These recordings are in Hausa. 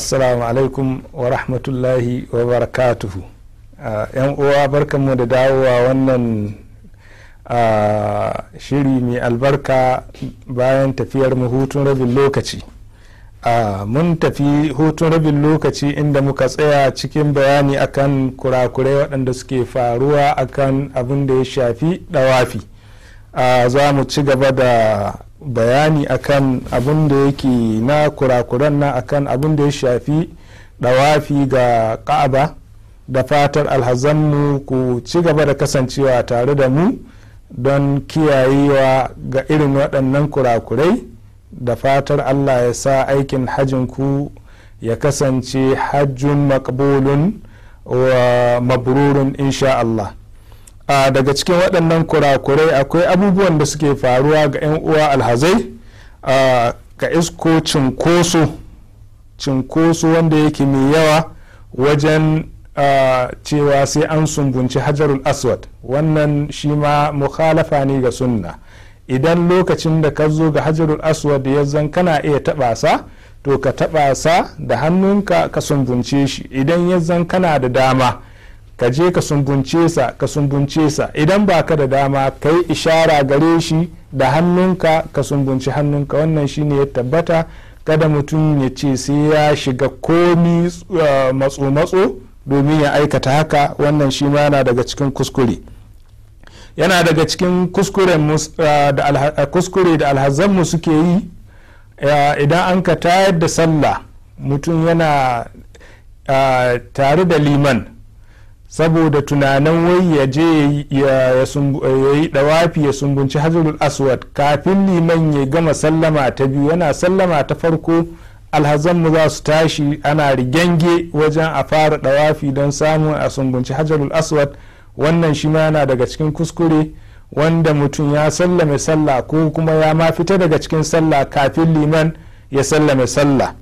assalamu alaikum wa rahmatullahi wa barakatuhu ah, yan uwa barkanmu da dawowa wannan ah, shiri mai albarka bayan tafiyar mu hutun rabin lokaci ah, mun tafi hutun rabin lokaci inda muka tsaya cikin bayani akan kurakurai waɗanda suke faruwa akan abin da ya shafi ɗawafi za mu ci gaba da bayani akan abin da yake na kurakuran na akan abin da ya shafi dawafi ga ka'aba da fatar alhazanmu ku ci gaba da kasancewa tare da mu don kiyayewa ga irin waɗannan kurakurai da fatar allah ya sa aikin hajjinku ya kasance hajjun makbulun wa mabrurun insha allah daga cikin waɗannan kurakurai akwai abubuwan da suke faruwa ga 'yan uwa alhazai ga isko cinkoso cinkoso wanda yake mai yawa wajen cewa sai an sumbunci hajarul aswad wannan shi ma mukhalafa ne ga sunna idan lokacin da ka zo ga hajarul aswad ya zan kana iya taɓasa to ka taɓasa da hannunka ka sumbunce shi idan ya zan kana da dama ka je ka sumbunce sa ka sumbunce sa idan ba ka da dama ka yi ishara gare shi da hannunka ka sumbunci hannunka wannan shi ne ya tabbata kada mutum ya ce sai ya shiga komi eh, matso-matso domin ya aikata haka wannan shi ma yana daga cikin kuskure yana daga cikin eh, eh, kuskure da alhazanmu suke yi idan an ka tayar da sallah mutum yana tare da liman saboda tunanin wai ya je ya yi dawafi ya sumbunci hajjul aswad kafin liman ya gama sallama ta biyu yana sallama ta farko alhazanmu za su tashi ana rigenge wajen a fara dawafi don samun a sumbunci hajarul aswad wannan shi ma yana daga cikin kuskure wanda mutum ya sallame sallah ko kuma ya ma fita daga cikin sallah kafin liman ya sallame sallah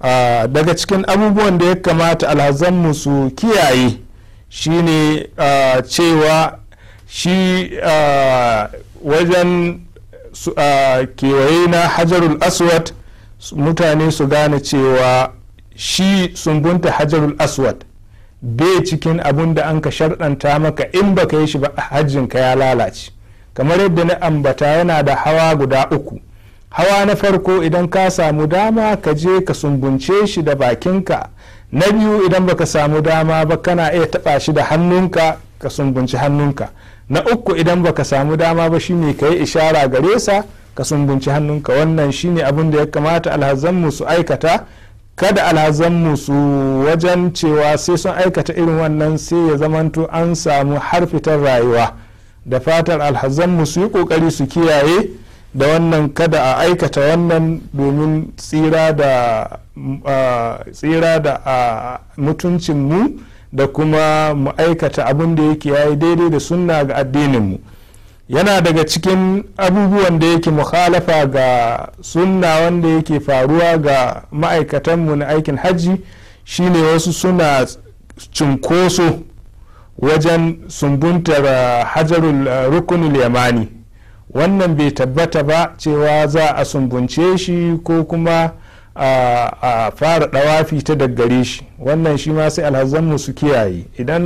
ah, daga cikin abubuwan da ya kamata alhazanmu su kiyaye shine cewa shi wajen kewaye na hajarul aswad mutane su gane cewa shi sumbunta hajarul aswad bai cikin abun da an ka sharɗanta maka in baka yi shi ba hajjinka ya lalace kamar yadda na ambata yana da hawa guda uku hawa na farko idan ka samu dama ka je ka sumbunce shi da bakinka na biyu idan baka samu dama ba kana iya taɓa shi da hannunka ka sumbunci hannunka na uku idan baka samu dama ba shine ka yi ishara gare sa ka sumbunci hannunka wannan shine abin da ya kamata alhazanmu su aikata kada alhazanmu su wajen cewa sai sun aikata irin wannan sai ya zamanto an samu harfitar rayuwa da fatar alhazanmu su yi kokari su kiyaye da wannan kada a aikata wannan domin tsira da tsira da mu da kuma mu aikata abin da yake yayi daidai da sunna ga addininmu yana daga cikin abubuwan da yake muhalafa ga sunna wanda yake faruwa ga ma'aikatanmu na aikin hajji shine wasu suna cinkoso wajen sumbuntar hajarul rukunul yamani wannan bai tabbata ba cewa za a sumbunce shi ko kuma a fara dawafi ta daggare shi wannan shi ma sai alhazanmu su kiyaye idan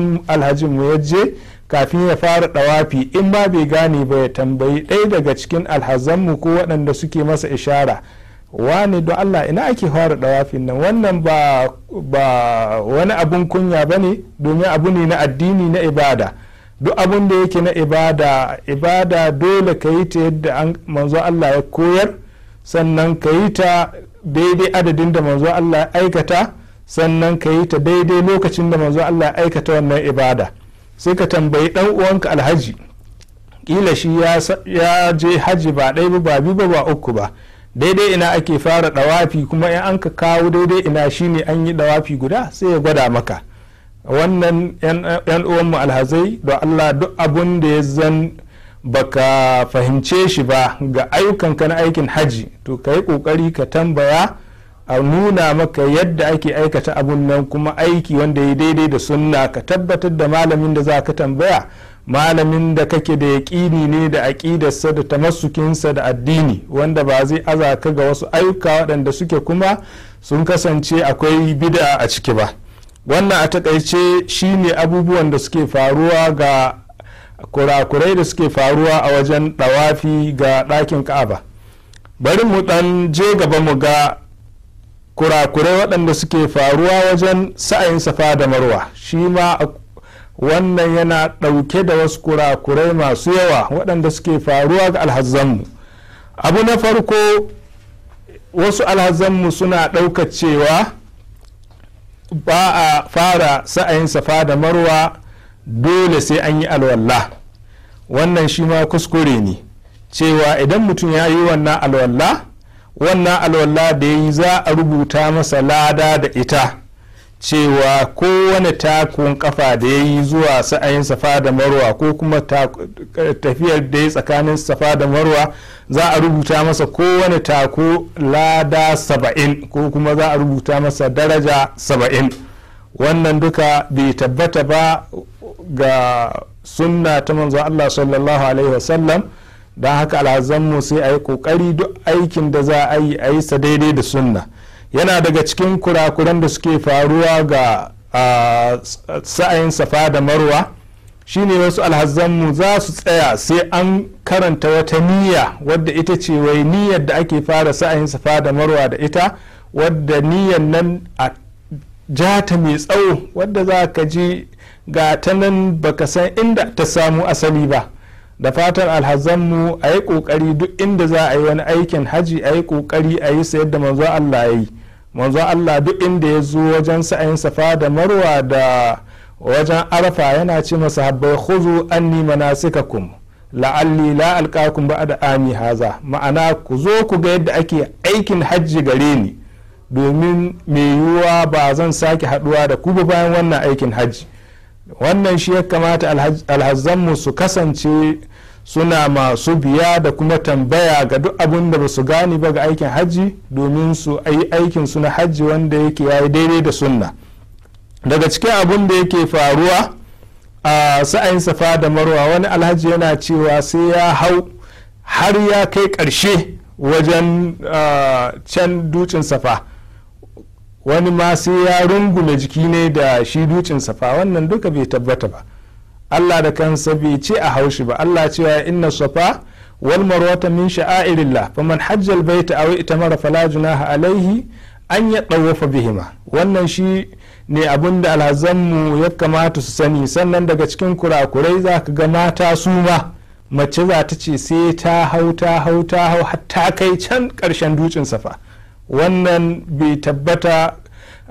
mu ya je kafin ya fara dawafi in ba bai gane ba ya tambayi ɗaya daga cikin alhazanmu ko waɗanda suke masa ishara wani don allah ina ake fara dawafin nan wannan ba wani abun kunya ba ne domin abu ne na addini na ibada duk abin da yake na ibada ibada dole ka yi ta yadda manzo Allah ya koyar sannan ka yi ta daidai adadin da manzo Allah ya aikata sannan ka yi ta daidai lokacin da manzo Allah ya aikata wannan ibada sai ka tambayi dan uwanka alhaji kila shi ya je haji ba ɗaya ba biyu ba ba uku ba daidai ina ake fara dawafi kuma in an ka kawo daidai ina shine an yi dawafi guda sai ya gwada maka wannan yan uwanmu alhazai da allah duk abun da ya zan baka fahimce shi ba ga ayyukanka na aikin haji to ka yi kokari ka tambaya a nuna maka yadda ake aikata abun nan kuma aiki wanda ya daidai da sunna ka tabbatar da malamin da za ka tambaya malamin da kake da yaƙini ne da aƙidarsa da tamassukinsa da addini wanda ba zai azaka ga wasu ayyuka waɗanda suke kuma sun kasance akwai bida a ciki ba. wannan a takaice shine abubuwan da suke faruwa ga kurakurai da suke faruwa a wajen dawafi ga ɗakin ka'aba bari mu dan je gaba mu ga kurakurai waɗanda suke faruwa wajen sa'ayin safa da marwa shi ma wannan yana ɗauke da wasu kurakurai masu yawa waɗanda suke faruwa ga alhazzanmu abu na farko wasu alhazzanmu suna ɗaukacewa. cewa ba a fara sa'ayin safa da marwa dole sai an yi alwalla wannan shi ma kuskure ne cewa idan mutum ya yi wannan alwalla wannan alwalla da ya yi za a rubuta masa lada da ita cewa kowane takun kafa da ya yi zuwa sa'ayin safa da marwa ko kuma tafiyar da ya tsakanin safa da marwa za a rubuta masa kowane tako lada saba'in ko kuma za a rubuta masa daraja saba'in wannan duka bai tabbata ba ga sunna ta manzo allah sallallahu alaihi wasallam don haka alhazanmu sai a yi kokari duk aikin da za a yi a yi sa daidai da sunna yana daga cikin kurakuran da suke faruwa ga sa'ayin safa da marwa shine wasu alhazzanmu za su tsaya sai an karanta wata niyya wadda ita ce wai niyyar da ake fara sa'ayin safa da marwa da ita wadda niyyar nan a jata mai tsawo wadda za ka ji ga ta nan baka san inda ta samu asali ba da fatan alhazanmu a yi ƙoƙari duk inda za a yi wani aikin haji a yi ƙoƙari a yi sayar da manzo Allah ya yi manzo Allah duk inda ya zo wajen sa'ayin safa da marwa da wajen arafa yana ce masa habbai khuzu anni manasikakum la'alli la alqakum ba'da ami haza ma'ana ku zo ku ga yadda ake aikin hajji gare ni domin mai yiwuwa ba zan sake haduwa da ku bayan wannan aikin hajji wannan shi ya kamata alhazzanmu su kasance suna masu biya da kuma tambaya ga duk abin da ba su gane ba ga aikin hajji domin su yi aikin su na hajji wanda yake yayi daidai da sunna daga cikin abin da yake faruwa a sa'ayin safa da marwa wani alhaji yana cewa sai ya hau har ya kai karshe wajen can ducin safa wani ma sai ya rungume jiki ne da shi ducin safa wannan duka bai tabbata ba Allah da kansa bai ce a haushi ba Allah cewa inna safa wal marwata min sha'airillah faman hajja al baita aw itamara fala junaha alaihi an ya tawafa bihima wannan shi ne abin da alhazanmu ya kamata su sani sannan daga cikin kurakurai za ka ga mata su ma mace za ta ce sai ta hau ta hau ta hau hatta kai can karshen dutsen safa wannan bai tabbata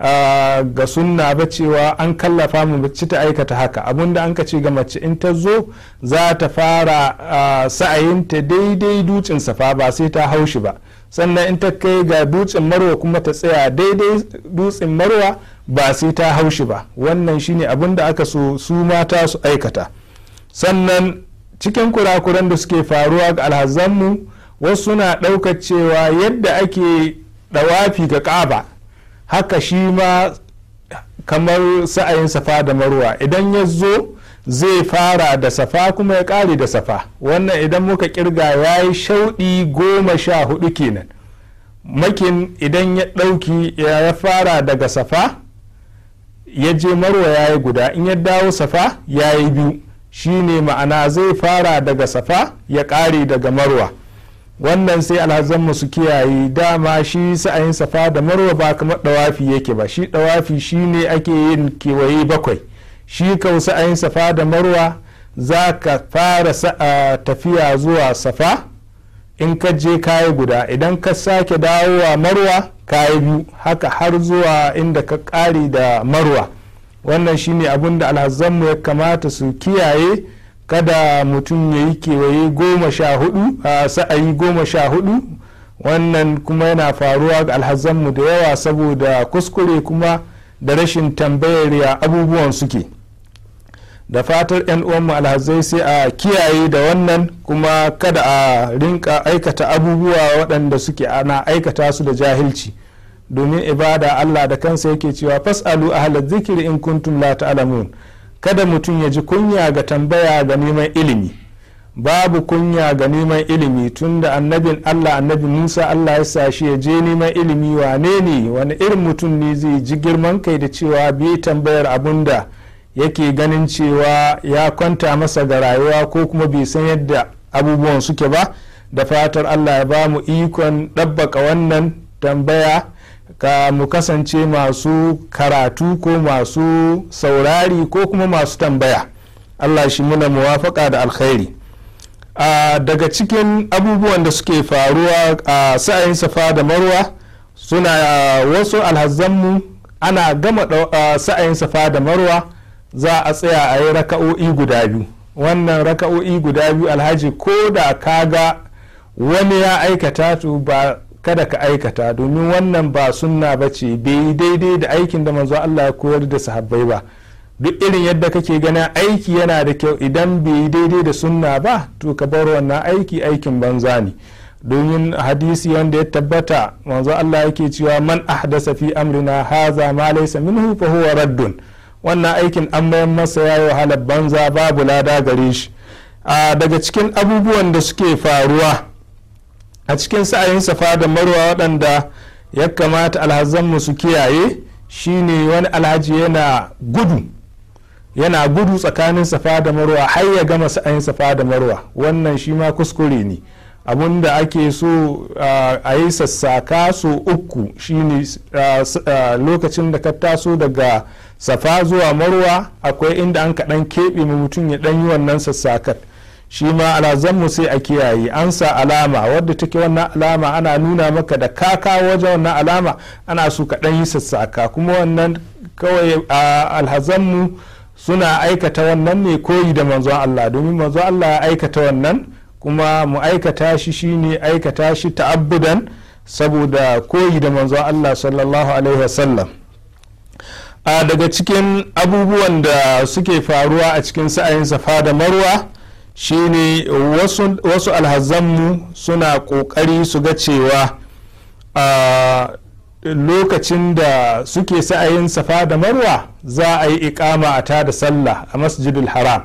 ga sunna ba cewa an kallafa mu mace ta aikata haka abinda an ka ce ga mace in ta zo za ta fara sa'ayinta daidai dutsen safa ba sai ta haushi ba sannan in ta kai ga dutsen marwa kuma ta tsaya daidai dutsen marwa ba sai ta haushi ba wannan shine abun da aka so su mata su aikata sannan cikin kurakuran da suke faruwa ga alhazanmu wasu na ɗaukar cewa yadda ake ɗawafi ga ƙaba haka shi ma kamar sa'ayin safa da marwa idan ya zo zai fara da safa kuma ya ƙare da safa wannan idan muka kirga ya yi shauɗi goma sha hudu kenan makin idan ya ɗauki ya fara daga safa ya je marwa ya yi guda in ya dawo safa ya yi biyu ne ma'ana zai fara daga safa ya ƙare daga marwa wannan sai mu su kiyaye dama shi sa'ayin safa da marwa ba kamar dawafi yake ba shi dawafi shi ne ake yin kewaye bakwai shi kau sa'ayin safa da marwa za ka fara tafiya zuwa safa in ka je kayi guda idan ka sake dawowa marwa kayi biyu haka har zuwa inda ka kare da marwa wannan shi ne abin da alhazan mu ya kamata su kiyaye kada mutum ya yi kewaye goma sha hudu a sa'ayi goma sha hudu wannan kuma yana faruwa ga alhazanmu da yawa saboda kuskure kuma da rashin tambayar ya abubuwan suke da fatar 'yan uwanmu alhazai sai a kiyaye da wannan kuma kada a rinka aikata abubuwa waɗanda suke ana aikata su da jahilci domin ibada allah da kansa yake cewa fasalu halar zikiri in kuntum la ta'lamun kada mutum ya ji kunya ga tambaya ga neman ilimi babu kunya ga neman ilimi tunda annabin allah annabi musa allah ya sa shi ya je neman ilimi wane ne wani irin mutum ne zai ji girman kai da cewa bi tambayar abun da yake ganin cewa ya kwanta masa ga rayuwa ko kuma bai san yadda abubuwan suke ba da fatar allah ya ba mu ikon ɗabbaka wannan tambaya ka mu kasance masu karatu ko masu saurari ko kuma masu tambaya allah shi muna muwafaka da alkhairi daga cikin abubuwan da suke faruwa a sa'ayin safa da marwa suna wasu alhazzanmu ana gama sa'ayin safa da marwa za a tsaya a yi raka'o'i guda biyu wannan raka'o'i guda biyu alhaji ko da kaga wani ya aikata to ba kada ka aikata domin wannan ba sunna ba ce bai daidai da aikin da manzo Allah ya koyar da sahabbai ba duk irin yadda kake ganin aiki yana da kyau idan bai daidai da sunna ba to ka bar wannan aiki aikin banza ne domin hadisi wanda ya tabbata manzo Allah yake cewa man ahdasa fi amrina haza ma laysa minhu fa huwa raddun wannan aikin an bayan masa ya wahalar banza babu lada gare shi daga cikin abubuwan da suke faruwa a cikin sa'ayin safa da marwa waɗanda ya kamata alhazanmu su kiyaye shine wani alhaji yana gudu yana gudu tsakanin safa da marwa har ya gama sa'ayin safa da marwa wannan shi ma kuskure ne abun da ake so a yi sassaka so uku shine lokacin da ka taso daga safa zuwa marwa akwai inda an kaɗan keɓe mutum ya ɗan yi wannan sassakar shi ma alazanmu sai a kiyaye an sa alama wadda take wannan alama ana nuna maka da kaka wajen wannan alama ana su ka yi sassaka kuma wannan kawai alhazanmu suna aikata wannan ne koyi da manzon Allah domin manzon Allah ya aikata wannan kuma mu aikata shi shine aikata shi ta'abbudan saboda koyi da manzon Allah sallallahu alaihi wasallam a daga cikin abubuwan da suke faruwa a cikin sa'ayin safa da marwa shine wasu, wasu alhazanmu suna ƙoƙari su ga cewa a lokacin da suke sa'ayin safa da marwa za a yi ikama a ta da sallah a masjidul haram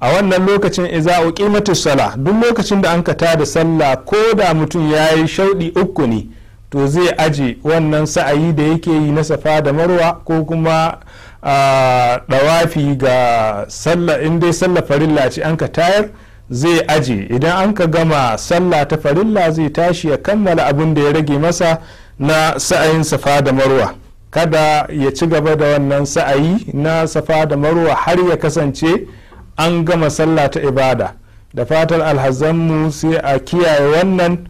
a wannan lokacin za iza uqimatu salah duk lokacin da an ka ta da sallah ko da mutum ya yi shauɗi uku ne to zai aje wannan sa'ayi da yake yi na safa da marwa ko kuma a ɗawafi ga sallah in dai sallah farilla ce an ka tayar zai aje idan an ka gama sallah ta farilla zai tashi ya kammala abin da ya rage masa na sa'ayin safa da marwa kada ya ci gaba da wannan sa'ayi na safa da marwa har ya kasance an gama sallah ta ibada da fatan alhazanmu sai a kiyaye wannan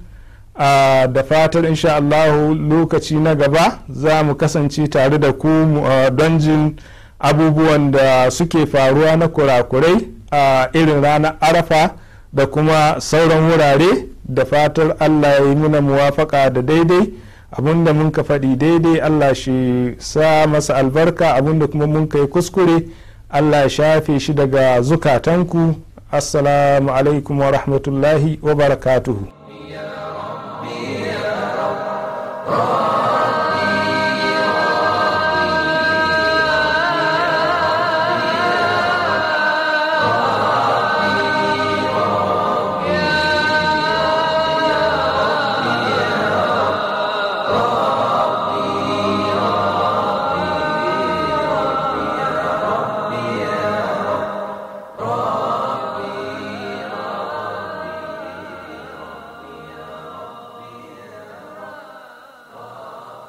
da fatar insha Allahu lokaci na gaba za mu kasance tare da ku don jin abubuwan da suke faruwa na kurakurai a irin ranar arafa da kuma sauran wurare da fatar allah ya yi muna muwafaka da daidai abinda mun ka faɗi daidai allah shi sa masa albarka abinda kuma mun kai kuskure allah shafe shi daga zukatanku assalamu alaikum wa rahmatullahi wa barakatuhu Oh.